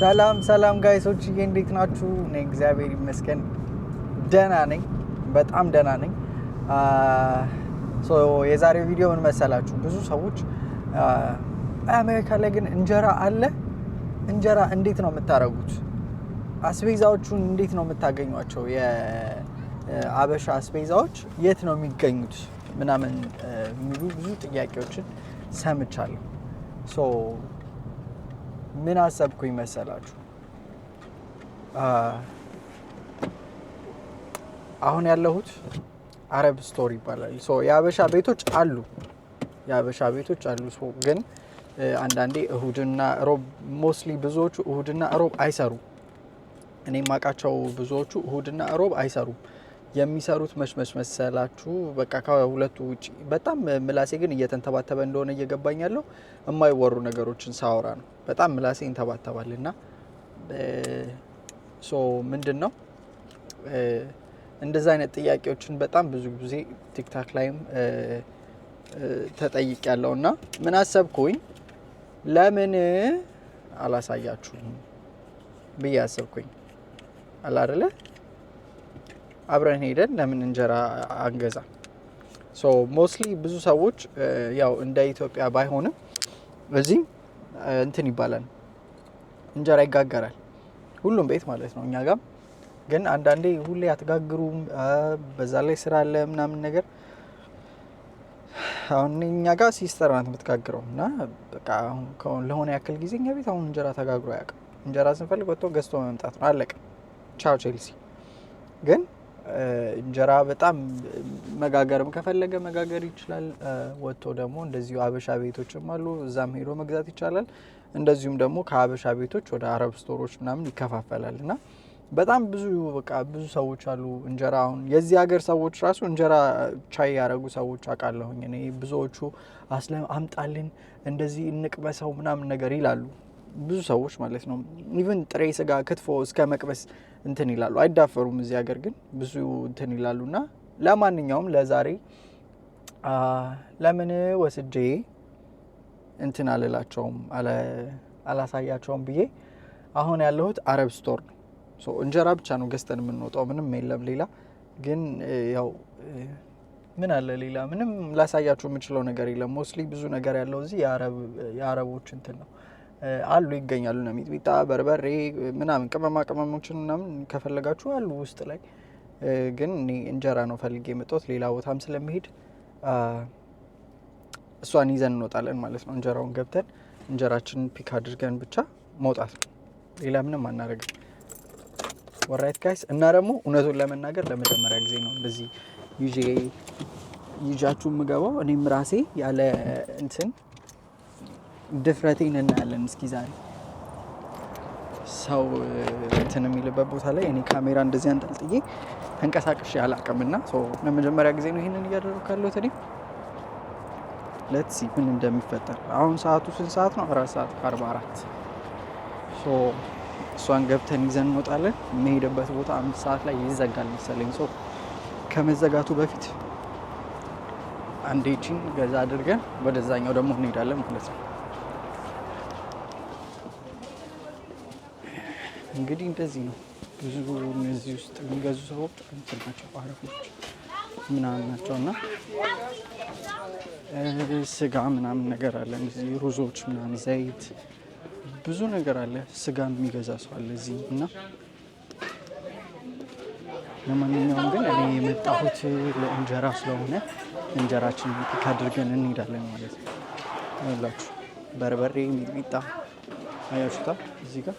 ሰላም ሰላም ጋይሶችዬ እንዴት ናችሁ? እኔ እግዚአብሔር ይመስገን ደህና ነኝ፣ በጣም ደህና ነኝ። የዛሬው ቪዲዮ ምን መሰላችሁ? ብዙ ሰዎች አሜሪካ ላይ ግን እንጀራ አለ፣ እንጀራ እንዴት ነው የምታደርጉት? አስቤዛዎቹን እንዴት ነው የምታገኟቸው? የአበሻ አስቤዛዎች የት ነው የሚገኙት? ምናምን የሚሉ ብዙ ጥያቄዎችን ሰምቻለሁ። ምን አሰብኩኝ መሰላችሁ? አሁን ያለሁት አረብ ስቶር ይባላል። ሶ የአበሻ ቤቶች አሉ፣ የአበሻ ቤቶች አሉ። ሶ ግን አንዳንዴ እሁድና ሮብ ሞስሊ ብዙዎቹ እሁድና ሮብ አይሰሩም። እኔ ማቃቸው ብዙዎቹ እሁድና ሮብ አይሰሩም። የሚሰሩት መሽመሽ መሰላችሁ። በቃ ከሁለቱ ውጭ በጣም ምላሴ ግን እየተንተባተበ እንደሆነ እየገባኝ ያለው የማይወሩ ነገሮችን ሳወራ ነው። በጣም ምላሴ ይንተባተባል። ና ሶ ምንድን ነው እንደዚ አይነት ጥያቄዎችን በጣም ብዙ ጊዜ ቲክታክ ላይም ተጠይቅ ያለው እና ምን አሰብኩኝ ለምን አላሳያችሁም ብዬ አሰብኩኝ አላደለ አብረን ሄደን ለምን እንጀራ አንገዛ? ሶ ሞስትሊ ብዙ ሰዎች ያው እንደ ኢትዮጵያ ባይሆንም እዚህ እንትን ይባላል እንጀራ ይጋገራል፣ ሁሉም ቤት ማለት ነው። እኛ ጋር ግን አንዳንዴ ሁሌ አትጋግሩም፣ በዛ ላይ ስራ አለ ምናምን ነገር። አሁን እኛ ጋር ሲስተር ናት የምትጋግረው እና በቃ ለሆነ ያክል ጊዜ እኛ ቤት አሁን እንጀራ ተጋግሮ አያውቅም። እንጀራ ስንፈልግ ወጥቶ ገዝቶ መምጣት ነው፣ አለቀ። ቻው ቼልሲ ግን እንጀራ በጣም መጋገርም ከፈለገ መጋገር ይችላል። ወጥቶ ደግሞ እንደዚሁ አበሻ ቤቶችም አሉ፣ እዛም ሄዶ መግዛት ይቻላል። እንደዚሁም ደግሞ ከአበሻ ቤቶች ወደ አረብ ስቶሮች ምናምን ይከፋፈላል እና በጣም ብዙ በቃ ብዙ ሰዎች አሉ። እንጀራ አሁን የዚህ ሀገር ሰዎች ራሱ እንጀራ ቻይ ያደረጉ ሰዎች አውቃለሁኝ እኔ። ብዙዎቹ አስለም አምጣልን እንደዚህ እንቅመሰው ምናምን ነገር ይላሉ ብዙ ሰዎች ማለት ነው። ኢቨን ጥሬ ስጋ ክትፎ እስከ መቅበስ እንትን ይላሉ፣ አይዳፈሩም። እዚህ ሀገር ግን ብዙ እንትን ይላሉ ና ለማንኛውም ለዛሬ ለምን ወስጄ እንትን አልላቸውም አላሳያቸውም ብዬ አሁን ያለሁት አረብ ስቶር ነው። እንጀራ ብቻ ነው ገዝተን የምንወጣው፣ ምንም የለም ሌላ። ግን ያው ምን አለ ሌላ ምንም ላሳያችሁ የምችለው ነገር የለም። ሞስሊ ብዙ ነገር ያለው እዚህ የአረቦች እንትን ነው። አሉ ይገኛሉ። ነው ሚጥሚጣ፣ በርበሬ ምናምን ቅመማ ቅመሞችን ምናምን ከፈለጋችሁ አሉ ውስጥ ላይ። ግን እኔ እንጀራ ነው ፈልጌ የመጣሁት ሌላ ቦታም ስለሚሄድ እሷን ይዘን እንወጣለን ማለት ነው። እንጀራውን ገብተን እንጀራችንን ፒክ አድርገን ብቻ መውጣት ነው። ሌላ ምንም አናደርግም። ወራይት ጋይስ። እና ደግሞ እውነቱን ለመናገር ለመጀመሪያ ጊዜ ነው እንደዚህ ይዤ ይዣችሁ የምገባው እኔም ራሴ ያለ እንትን ድፍረቴን እናያለን። እስኪ ዛሬ ሰው እንትን የሚልበት ቦታ ላይ እኔ ካሜራ እንደዚህ አንጠልጥዬ ተንቀሳቀሽ አላቅም እና ለመጀመሪያ ጊዜ ነው ይህንን እያደረኩ ካለሁት እኔ ለትሲ ምን እንደሚፈጠር አሁን ሰዓቱ ስንት ሰዓት ነው? አራት ሰዓት ከአርባ አራት እሷን ገብተን ይዘን እንወጣለን። የሚሄደበት ቦታ አምስት ሰዓት ላይ ይዘጋል መሰለኝ። ሰው ከመዘጋቱ በፊት አንዴችን ገዛ አድርገን ወደዛኛው ደግሞ እንሄዳለን ማለት ነው። እንግዲህ እንደዚህ ነው። ብዙ እነዚህ ውስጥ የሚገዙ ሰዎች እንትን ናቸው፣ አረቦች ምናምን ናቸው እና ስጋ ምናምን ነገር አለ እዚህ፣ ሩዞች ምናምን፣ ዘይት፣ ብዙ ነገር አለ። ስጋ የሚገዛ ሰው አለ እዚህ እና ለማንኛውም ግን እኔ የመጣሁት ለእንጀራ ስለሆነ እንጀራችን ካድርገን እንሄዳለን ማለት ነው። ላችሁ በርበሬ ሚጥሚጣ አያችሁታ እዚህ ጋር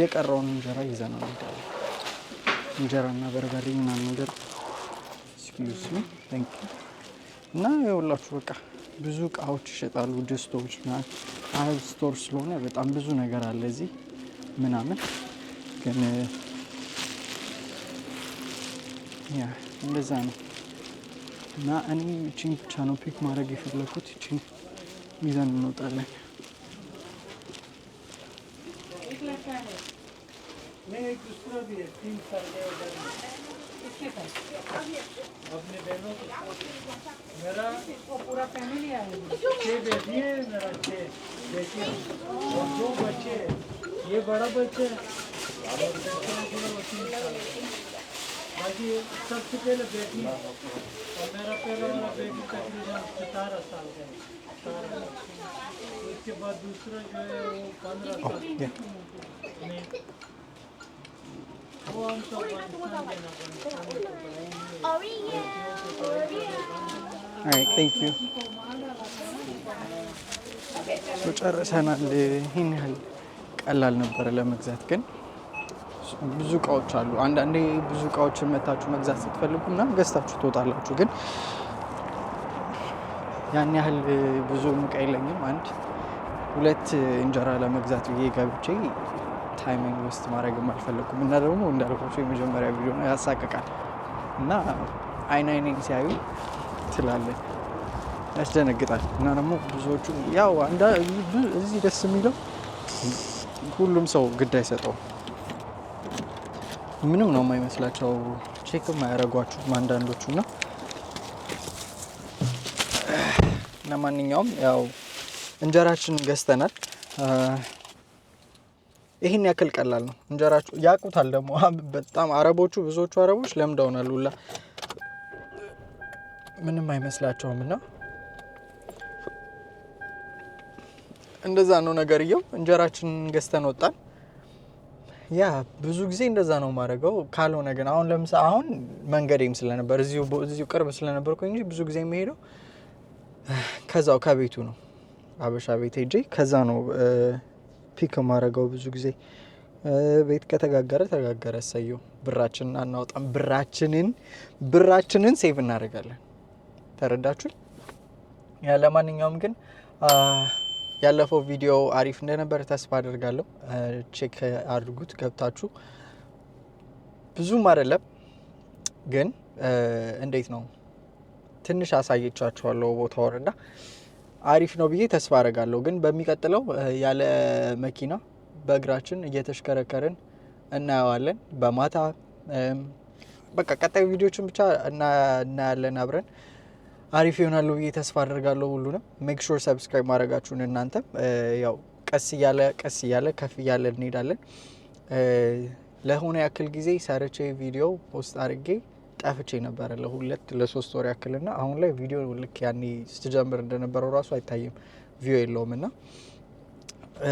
የቀረውን እንጀራ ይዘን እንሄዳለን። እንጀራና በርበሬ ምናምን ነገር እና የወላችሁ በቃ ብዙ እቃዎች ይሸጣሉ። ድስቶች አረብ ስቶር ስለሆነ በጣም ብዙ ነገር አለ እዚህ ምናምን። ግን እንደዛ ነው እና እኔ እችን ብቻ ነው ፒክ ማድረግ የፈለኩት። እችን ይዘን እንወጣለን። लड़का है दूसरा भी है तीन साल के किसके पास अपने बहनों के मेरा वो पूरा फैमिली है छः बेटी है मेरा छः बेटी और दो बच्चे ये बड़ा बच्चा है बाकी सबसे पहले बेटी और मेरा पहला मेरा बेटी तकरीबन सतारह साल का है उसके बाद दूसरा जो है वो पंद्रह साल वो हम तो አይ ቴንክ ዩ ጨርሰናል። ይህን ያህል ቀላል ነበረ ለመግዛት ግን ብዙ እቃዎች አሉ። አንዳንዴ ብዙ እቃዎችን መታችሁ መግዛት ስትፈልጉ ምናምን ገዝታችሁ ትወጣላችሁ። ግን ያን ያህል ብዙ እቃ የለኝም። አንድ ሁለት እንጀራ ለመግዛት ብዬ ገብቼ ታይሚንግ ውስጥ ማድረግም አልፈለግኩም። እና ደግሞ እንዳልኳቸው የመጀመሪያ ቪዲዮ ነው ያሳቅቃል። እና አይን አይኔን ሲያዩ ትላለ ያስደነግጣል። እና ደግሞ ብዙዎቹ ያው እዚህ ደስ የሚለው ሁሉም ሰው ግድ አይሰጠውም። ምንም ነው የማይመስላቸው ቼክ አያረጓችሁም አንዳንዶቹ ና እና ማንኛውም ያው እንጀራችን ገዝተናል። ይህን ያክል ቀላል ነው እንጀራችሁ። ያቁታል ደግሞ በጣም አረቦቹ፣ ብዙዎቹ አረቦች ለምደውናል ሁላ ምንም አይመስላቸውም። እና እንደዛ ነው ነገርየው። እንጀራችን ገዝተን ወጣን። ያ ብዙ ጊዜ እንደዛ ነው የማደርገው። ካልሆነ ግን አሁን ለምሳ አሁን መንገዴም ስለነበር እዚሁ ቅርብ ስለነበር እንጂ ብዙ ጊዜ የሚሄደው ከዛው ከቤቱ ነው አበሻ ቤት ሄጄ ከዛ ነው ፒክ የማደርገው ብዙ ጊዜ። ቤት ከተጋገረ ተጋገረ፣ ሰየው። ብራችንን አናወጣም። ብራችንን ብራችንን ሴቭ እናደርጋለን። ተረዳችሁኝ? ያለማንኛውም ግን ያለፈው ቪዲዮ አሪፍ እንደነበር ተስፋ አደርጋለሁ። ቼክ አድርጉት ገብታችሁ። ብዙም አይደለም ግን እንዴት ነው ትንሽ አሳየቻችኋለሁ ቦታውን እና አሪፍ ነው ብዬ ተስፋ አደርጋለሁ። ግን በሚቀጥለው ያለ መኪና በእግራችን እየተሽከረከርን እናየዋለን። በማታ በቃ ቀጣይ ቪዲዮችን ብቻ እናያለን አብረን አሪፍ ይሆናሉ ብዬ ተስፋ አደርጋለሁ። ሁሉንም ሜክ ሹር ሰብስክራይብ ማድረጋችሁን እናንተም ያው ቀስ እያለ ቀስ እያለ ከፍ እያለ እንሄዳለን። ለሆነ ያክል ጊዜ ሰርቼ ቪዲዮ ፖስት አድርጌ ጠፍቼ ነበረ ለሁለት ለሶስት ወር ያክል ና አሁን ላይ ቪዲዮ ልክ ያኔ ስትጀምር እንደነበረው ራሱ አይታይም፣ ቪዮ የለውም ና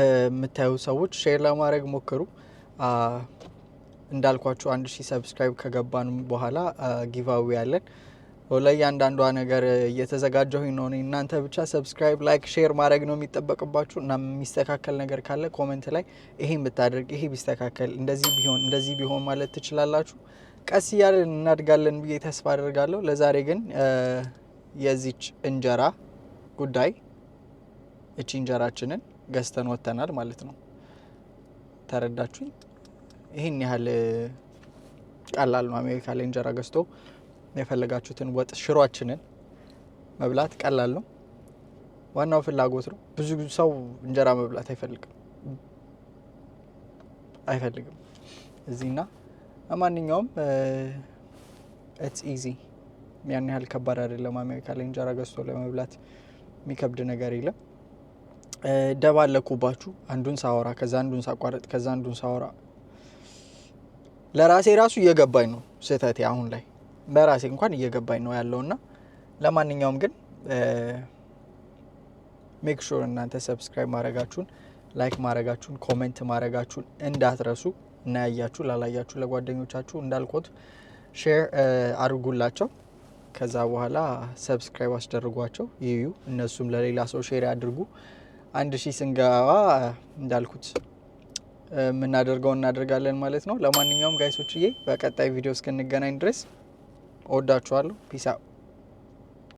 የምታዩ ሰዎች ሼር ለማድረግ ሞክሩ። እንዳልኳችሁ አንድ ሺህ ሰብስክራይብ ከገባን በኋላ ጊቫዊ ያለን ለእያንዳንዷ ነገር እየተዘጋጀሁኝ ነው። እናንተ ብቻ ሰብስክራይብ፣ ላይክ፣ ሼር ማድረግ ነው የሚጠበቅባችሁ እና የሚስተካከል ነገር ካለ ኮመንት ላይ ይሄን ብታደርግ፣ ይሄ ቢስተካከል፣ እንደዚህ ቢሆን፣ እንደዚህ ቢሆን ማለት ትችላላችሁ። ቀስ እያለን እናድጋለን ብዬ ተስፋ አደርጋለሁ። ለዛሬ ግን የዚች እንጀራ ጉዳይ እቺ እንጀራችንን ገዝተን ወጥተናል ማለት ነው። ተረዳችሁኝ? ይህን ያህል ቀላል ነው። አሜሪካ ላይ እንጀራ ገዝቶ የፈለጋችሁትን ወጥ ሽሯችንን መብላት ቀላል ነው። ዋናው ፍላጎት ነው። ብዙ ሰው እንጀራ መብላት አይፈልግም አይፈልግም እዚህና ማንኛውም ኢትስ ኢዚ ያን ያህል ከባድ አይደለም። አሜሪካ ላይ እንጀራ ገዝቶ ለመብላት የሚከብድ ነገር የለም። ደባለኩባችሁ አንዱን ሳወራ ከዛ አንዱን ሳቋረጥ ከዛ አንዱን ሳወራ ለራሴ ራሱ እየገባኝ ነው ስህተቴ አሁን ላይ በራሴ እንኳን እየገባኝ ነው ያለውና ለማንኛውም ግን ሜክ ሹር እናንተ ሰብስክራይብ ማድረጋችሁን፣ ላይክ ማድረጋችሁን፣ ኮሜንት ማድረጋችሁን እንዳትረሱ እና ያያችሁ ላላያችሁ ለጓደኞቻችሁ እንዳልኮት ሼር አድርጉላቸው። ከዛ በኋላ ሰብስክራይብ አስደርጓቸው ይዩ። እነሱም ለሌላ ሰው ሼር ያድርጉ። አንድ ሺህ ስንገባ እንዳልኩት የምናደርገው እናደርጋለን ማለት ነው። ለማንኛውም ጋይሶችዬ በቀጣይ ቪዲዮ እስክንገናኝ ድረስ እወዳችኋለሁ። ፒስ አውት